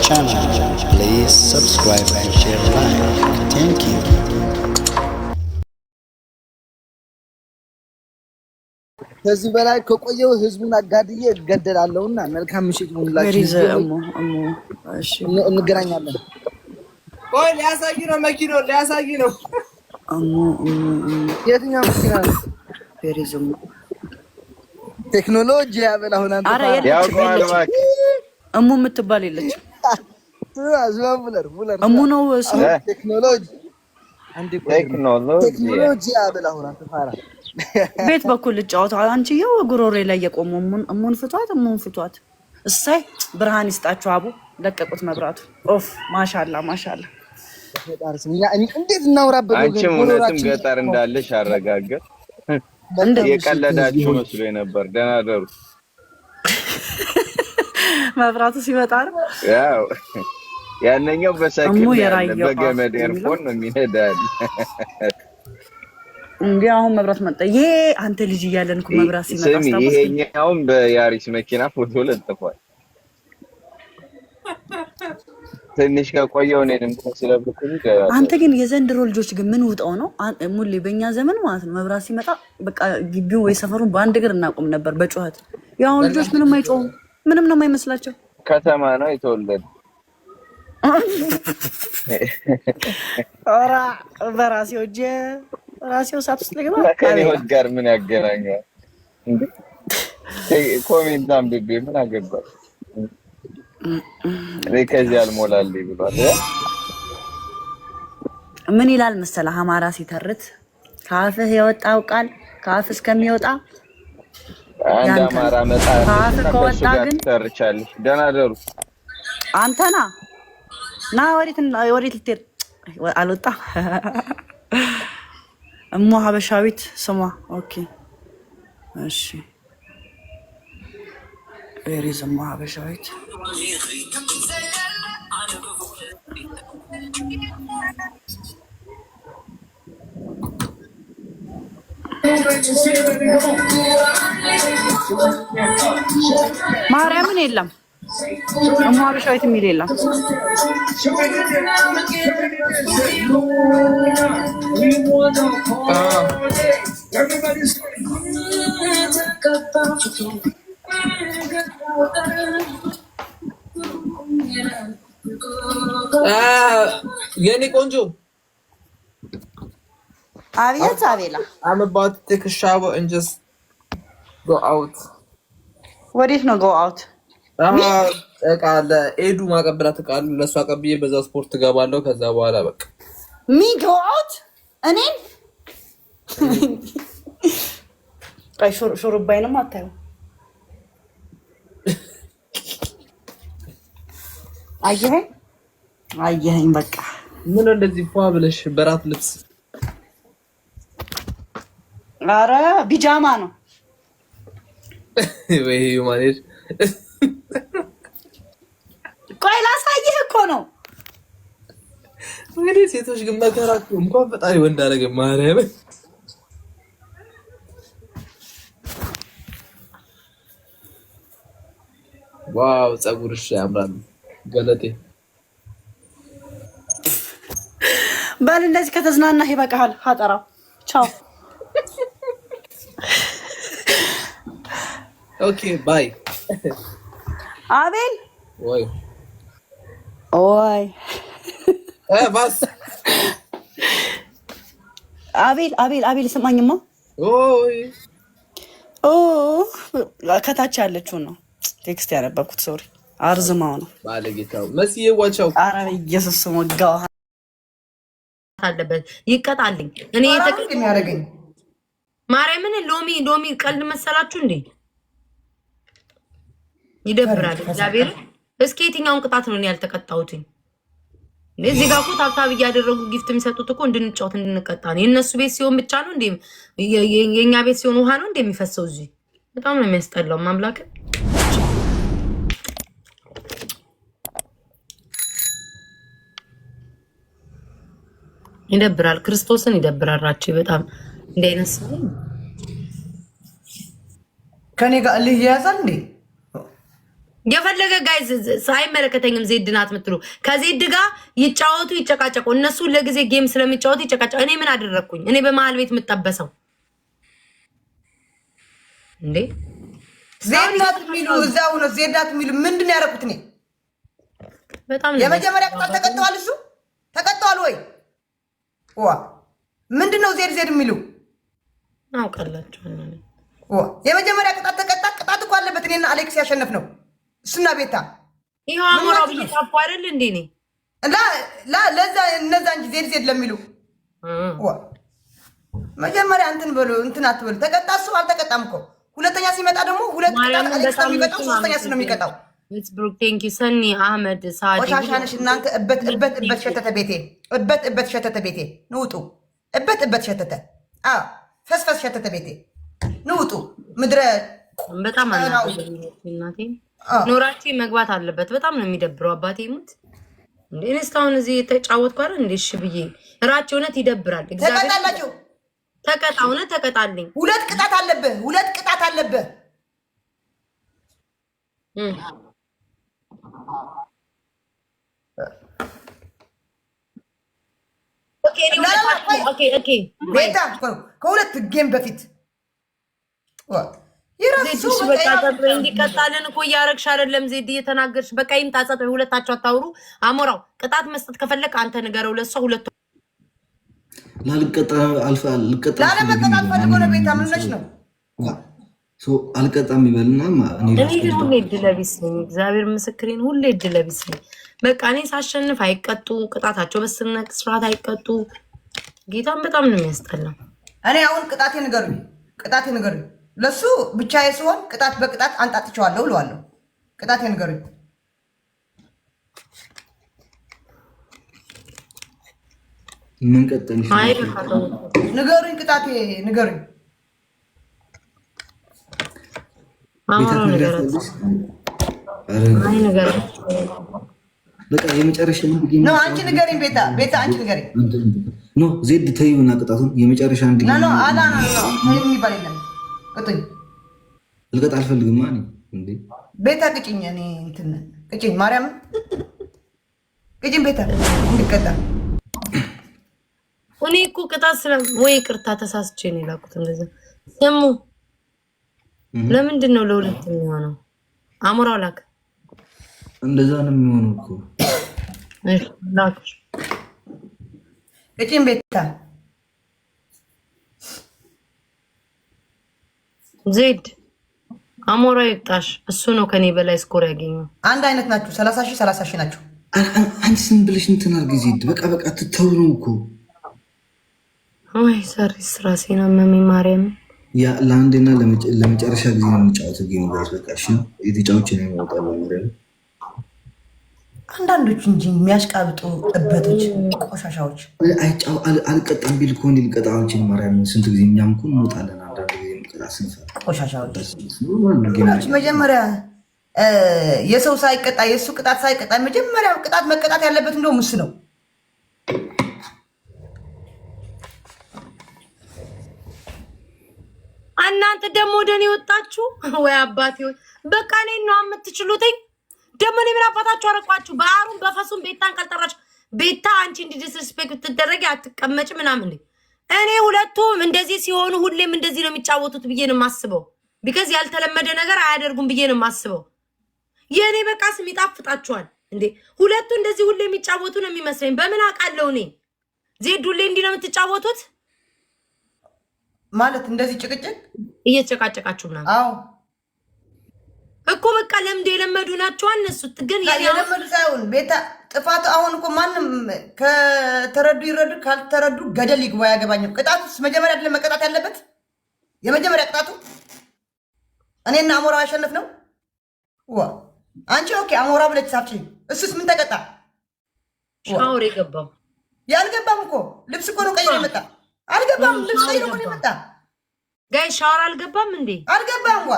channel. Please subscribe and share like. Thank you. ከዚህ በላይ ከቆየው ህዝቡን አጋድዬ እገደላለሁና መልካም ምሽት ሁላችሁ። እንገናኛለን። ቆይ ሊያሳይ ነው መኪናው፣ ሊያሳይ ነው። የትኛው መኪና ነው? እሙ የምትባል የለችም። እሙ ነው ቴክኖሎጂ ቴክኖሎጂ ቤት በኩል ልጫወተው። አንቺዬው ጉሮሬ ላይ የቆሙ እሙን ፍቷት፣ እሙን ፍቷት። እሳይ ብርሃን ይስጣችሁ። አቡ ለቀቁት መብራቱ። ኦፍ ማሻላ ማሻላ። እንዴት እናውራበት? አንቺም እውነትም ገጠር እንዳለሽ አረጋገጥ። የቀለዳችሁ መስሎ ነበር። ደህና ደሩ መብራቱ ሲመጣ ነው ያነኛው በሳይክል በገመድ ኤርፎን ነው የሚሄዳል። እንዲህ አሁን መብራት መጣ። ይሄ አንተ ልጅ እያለን እኮ መብራት ሲመጣ ይሄኛውም በያሪስ መኪና ፎቶ ለጥፏል። ትንሽ ከቆየው እኔንም ስለብኩኝ። አንተ ግን የዘንድሮ ልጆች ግን ምን ውጠው ነው ሙሌ? በእኛ ዘመን ማለት ነው መብራት ሲመጣ በቃ ግቢውን ወይ ሰፈሩን በአንድ እግር እናቆም ነበር በጩኸት። የአሁን ልጆች ምንም አይጮሁም፣ ምንም ነው የማይመስላቸው። ከተማ ነው የተወለዱ ኧረ በራሴው እጄ ራሴው ሳት ውስጥ ልግባ። ከኔ ወግ ጋር ምን ያገናኛል? ኮሜንት አንብቤ ምን አገባል? እኔ ከዚህ አልሞላል ብሏል። ምን ይላል መሰለህ አማራ ሲተርት ከአፍህ የወጣው ቃል ከአፍ እስከሚወጣ አንድ አማራ መጣ። ከአፍ ከወጣ ግን ተርቻለሽ። ደህና ደሩ አንተና ና ወዴት ወዴት ልትሄድ አልወጣ እሞ ሀበሻዊት ስሟ ኦኬ እሺ ቬሪዝ እሞ ሀበሻዊት ማርያምን የለም አማርሻ የሚል የለም። የኔ ቆንጆ አቤት አቤላ I'm about to take a shower and just go out What if not go out እቃ ለኤዱ ማቀብላት እቃ ለእሱ አቀብዬ በዛ ስፖርት እገባለሁ። ከዛ በኋላ በቃ ሚገዋት እኔን ሹሩባይንም አታዩ አየኸኝ አየኸኝ። በቃ ምን እንደዚህ ፏ ብለሽ በራት ልብስ አረ ቢጃማ ነው ወይ ማኔጅ ቆይ ላሳይህ እኮ ነው። እንግዲህ ሴቶች ግን መከራ እንኳን ፈጣሪ ወንድ አደረገ ማርያም ዋው ጸጉርሽ ያምራል ገለቴ። በል እንደዚህ ከተዝናናህ ይበቃሃል። ሀጠራ ቻው። ኦኬ ባይ አቤል ወይ Oy. He was? አቤል አቤል አቤል ይሰማኝማ። ኦይ ኦ ከታች ያለችውን ነው ቴክስት ያነበብኩት። ሶሪ አርዝማው ነው ባለጌታው መስዬ ዋቻው። ኧረ ኢየሱስ ወጋው አለበት ይቀጣልኝ። እኔ የተቀጥ የሚያደርገኝ ማርያምን ሎሚ ሎሚ ቀልድ መሰላችሁ እንዴ? ይደብራል እግዚአብሔር እስኪ የትኛውን ቅጣት ነው ያልተቀጣሁትኝ? እዚህ ጋር እኮ ታብታብ እያደረጉ ጊፍት የሚሰጡት እኮ እንድንጫወት እንድንቀጣ ነው። የእነሱ ቤት ሲሆን ብቻ ነው እንዴ? የእኛ ቤት ሲሆን ውሃ ነው እንደሚፈሰው እዚህ። በጣም ነው የሚያስጠላው። ማምላክ ይደብራል። ክርስቶስን ይደብራል። ራቼ በጣም እንዳይነስ ከኔ ጋር ልህ ይያዛል እንዴ? የፈለገ ጋይዝ አይመለከተኝም። ዜድ ናት የምትሉ ከዜድ ጋር ይጫወቱ ይጨቃጨቁ። እነሱ ለጊዜ ጌም ስለሚጫወቱ ይጨቃጨቁ። እኔ ምን አደረግኩኝ? እኔ በመሀል ቤት የምጠበሰው እንዴ? ዜድ ናት የሚሉ እዛው ነው። ዜድ ናት የሚሉ ምንድን ነው ያደረኩት? እኔ በጣም የመጀመሪያ ቅጣት ተቀጥተዋል። እሱ ተቀጥተዋል ወይ ዋ ምንድን ነው ዜድ ዜድ የሚሉ አውቃላቸው። የመጀመሪያ ቅጣት ተቀጣ። ቅጣት እኮ አለበት። እኔና አሌክስ ያሸነፍ ነው እሱና ቤታ ይኸው አሞራ ብዬ ጻፉ አይደል እንዴ? እኔ ለዛ እነዛ እንጂ ዜድ ለሚሉ መጀመሪያ እንትን በሉ እንትን አትበሉ። ተቀጣ እሱ አልተቀጣም እኮ ሁለተኛ ሲመጣ ደግሞ ሁለት ነው የሚቀጣው፣ ሶስተኛ እሱ ነው የሚቀጣው። ሰኒ አህመድ ቆሻሻንሽ እናንተ እበት እበት እበት ሸተተ ቤቴ እበት እበት ሸተተ ቤቴ ንውጡ። እበት እበት ሸተተ ፈስፈስ ሸተተ ቤቴ ንውጡ ምድረ በጣም እናቴ ኖራቼ መግባት አለበት። በጣም ነው የሚደብረው። አባቴ ሙት እንዴ እስካሁን እዚህ የተጫወትኩ አይደል እንዴ? እሺ ብዬ እራች እውነት ይደብራል። እግዚአብሔር ተቀጣ፣ እውነት ተቀጣልኝ። ሁለት ቅጣት አለብህ፣ ሁለት ቅጣት አለብህ። ከሁለት ጌም በፊት እንዲቀጣልን እኮ እያረግሽ አይደለም። ዜድ እየተናገርሽ በቃ ይምጣ ጸጥ ሁለታቸው አታውሩ። አሞራው ቅጣት መስጠት ከፈለግ አንተ ንገረው ለሷ ሁለቱ አልቀጣም ይበልና እግዚአብሔር ምስክሬን ሁሌ እድለቢስ ነኝ። በቃ እኔ ሳሸንፍ አይቀጡ፣ ቅጣታቸው በስነ ስርዓት አይቀጡ። ጌታን በጣም ነው የሚያስጠላው። እኔ አሁን ቅጣቴ ንገሩኝ፣ ቅጣቴ ንገሩኝ ለሱ ብቻዬ ሲሆን ቅጣት በቅጣት አንጣጥቸዋለሁ ብለዋለሁ። ቅጣት ንገሩኝ። ምን ቀጠል ንገሩኝ፣ ቅጣቴ ንገሩኝ። በቃ የመጨረሻ ነው። አንቺ ንገሪኝ ቤታ፣ ቤታ አንቺ ንገሪኝ። ዜድ ተይውና ቅጣቱን የመጨረሻ እንዲ የሚባል የለም ቅጥኝ ልቀጥ አልፈልግማ። ቤታ ቅጭኝ፣ እኔ እንትን ቅጭኝ፣ ማርያም ቅጭኝ፣ ቤታ እንድቀጣ። እኔ እኮ ቅጣት ስለ ወይ ቅርታ ተሳስቼ ነው የላኩት። እንደዛ ስሙ፣ ለምንድን ነው ለሁለት የሚሆነው? አሞራው ላክ፣ እንደዛ ነው የሚሆነው እኮ ቅጭኝ ቤታ ዜድ አሞራ ይጣሽ። እሱ ነው ከኔ በላይ ስኮር ያገኘው። አንድ አይነት ናቸው። ሰላሳ ሺህ ሰላሳ ሺህ ናችሁ። አንድ ስም ብለሽ እንትን አድርጊ ዜድ። በቃ በቃ ትተው ነው እኮ ወይ ሰሪ ስራ ሴና መሚ ማርያም ያ ለአንዴና ለመጨረሻ ጊዜ ነው የሚጫወተው ጌም ጋር በቃሽ ነው የተጫዎች ነው የሚወጣ በምረ አንዳንዶች እንጂ የሚያሽቃብጡ እበቶች ቆሻሻዎች። አይጫው አልቀጣም ቢል እኮ እንዲ ማርያም ስንት ጊዜ እኛም እኮ እንወጣለን አንዳንድ መጀመሪያ የሰው ሳይቀጣ የእሱ ቅጣት ሳይቀጣ መጀመሪያ ቅጣት መቀጣት ያለበት እንደውም እሱ ነው። እናንተ ደግሞ ወደ እኔ ወጣችሁ ወይ አባቴ ወይ በቃ እኔ ነው የምትችሉትኝ። ደግሞ እኔ ምን አባታችሁ አረቋችሁ? በአሩን በፈሱን ቤታን ካልጠራችሁ ቤታ አንቺ እንዲህ ዲስሪስፔክት ትደረጊ አትቀመጭ ምናምን እኔ ሁለቱም እንደዚህ ሲሆኑ ሁሌም እንደዚህ ነው የሚጫወቱት ብዬ ነው የማስበው። ቢከዝ ያልተለመደ ነገር አያደርጉም ብዬ ነው የማስበው። የእኔ በቃ ስም ይጣፍጣችኋል እንዴ? ሁለቱ እንደዚህ ሁሌ የሚጫወቱ ነው የሚመስለኝ። በምን አውቃለሁ እኔ ዜድ ሁሌ እንዲህ ነው የምትጫወቱት ማለት እንደዚህ ጭቅጭቅ እየተጨቃጨቃችሁ ምናምን እኮ በቃ ለምድ የለመዱ ናቸው። አነሱት ግን የለመዱ ሳይሆን ቤታ ጥፋት። አሁን እኮ ማንም ከተረዱ ይረዱ፣ ካልተረዱ ገደል ይግባ። ያገባኛል። ቅጣቱስ መጀመሪያ አይደለም መቀጣት ያለበት? የመጀመሪያ ቅጣቱ እኔና አሞራ ያሸነፍ ነው። ዋ አንቺ ኦኬ አሞራ ብለች ሳፍቺ። እሱስ ምን ተቀጣ? ሻወር የገባም ያልገባም እኮ ልብስ እኮ ነው ቀይሮ የመጣ አልገባም። ልብስ ቀይሮ ነው የመጣ ጋይ ሻወር አልገባም እንዴ? አልገባም ዋ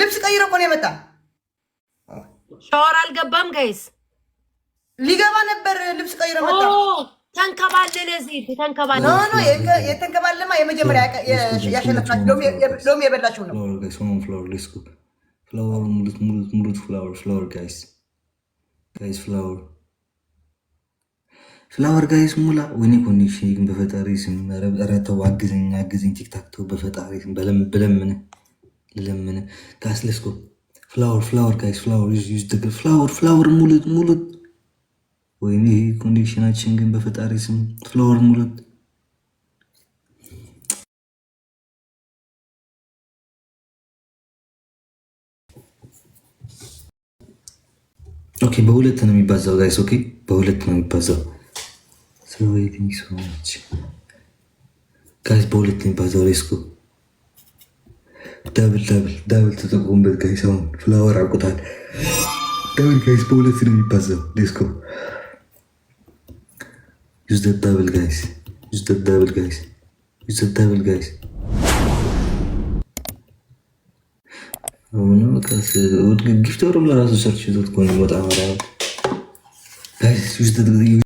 ልብስ ቀይሮ እኮ ነው የመጣ። ሻወር አልገባም ጋይስ፣ ሊገባ ነበር። ልብስ ቀይሮ መጣ። ተንከባለለ ዜድ ኖ ኖ የተንከባለማ የመጀመሪያ ያሸነፍናችሁ ሎም የበላችሁ ነው። ፍላወር ሙሉት ሙሉት ሙሉት ፍላወር ፍላወር ጋይስ ጋይስ ፍላወር ፍላወር ጋይስ ሙላ። ወይኔ ግን በፈጣሪ ስም አግዘኝ አግዘኝ። ቲክታክ ተው በፈጣሪ ስም ለምን ጋስ ሌትስ ጎ ፍላወር ፍላወር ጋይስ ፍላወር ዩዝ ዩዝ ደግል ፍላወር ፍላወር ሙሉት ሙሉት። ወይኔ ይሄ ኮንዲሽናችን ግን በፈጣሪ ስም ፍላወር ሙሉት። ኦኬ በሁለት ነው የሚባዛው ጋይስ። ኦኬ በሁለት ነው የሚባዛው ስለወይቲንግ ሰዎች ጋይስ በሁለት ነው የሚባዛው ሌትስ ጎ ደብል ደብል ደብል ተጠቆምበት ጋይስ። አሁን ፍላወር አውቁታል። ደብል ጋይስ በሁለት ነው የሚባዘው። ሌስኮ ዩዝ ደብል ጋይስ፣ ዩዝ ደብል ጋይስ፣ ዩዝ ደብል ጋይስ። አሁን ቀስ ጊፍተሩ ለራሱ ሰርች ይዞት ከሆነ በጣም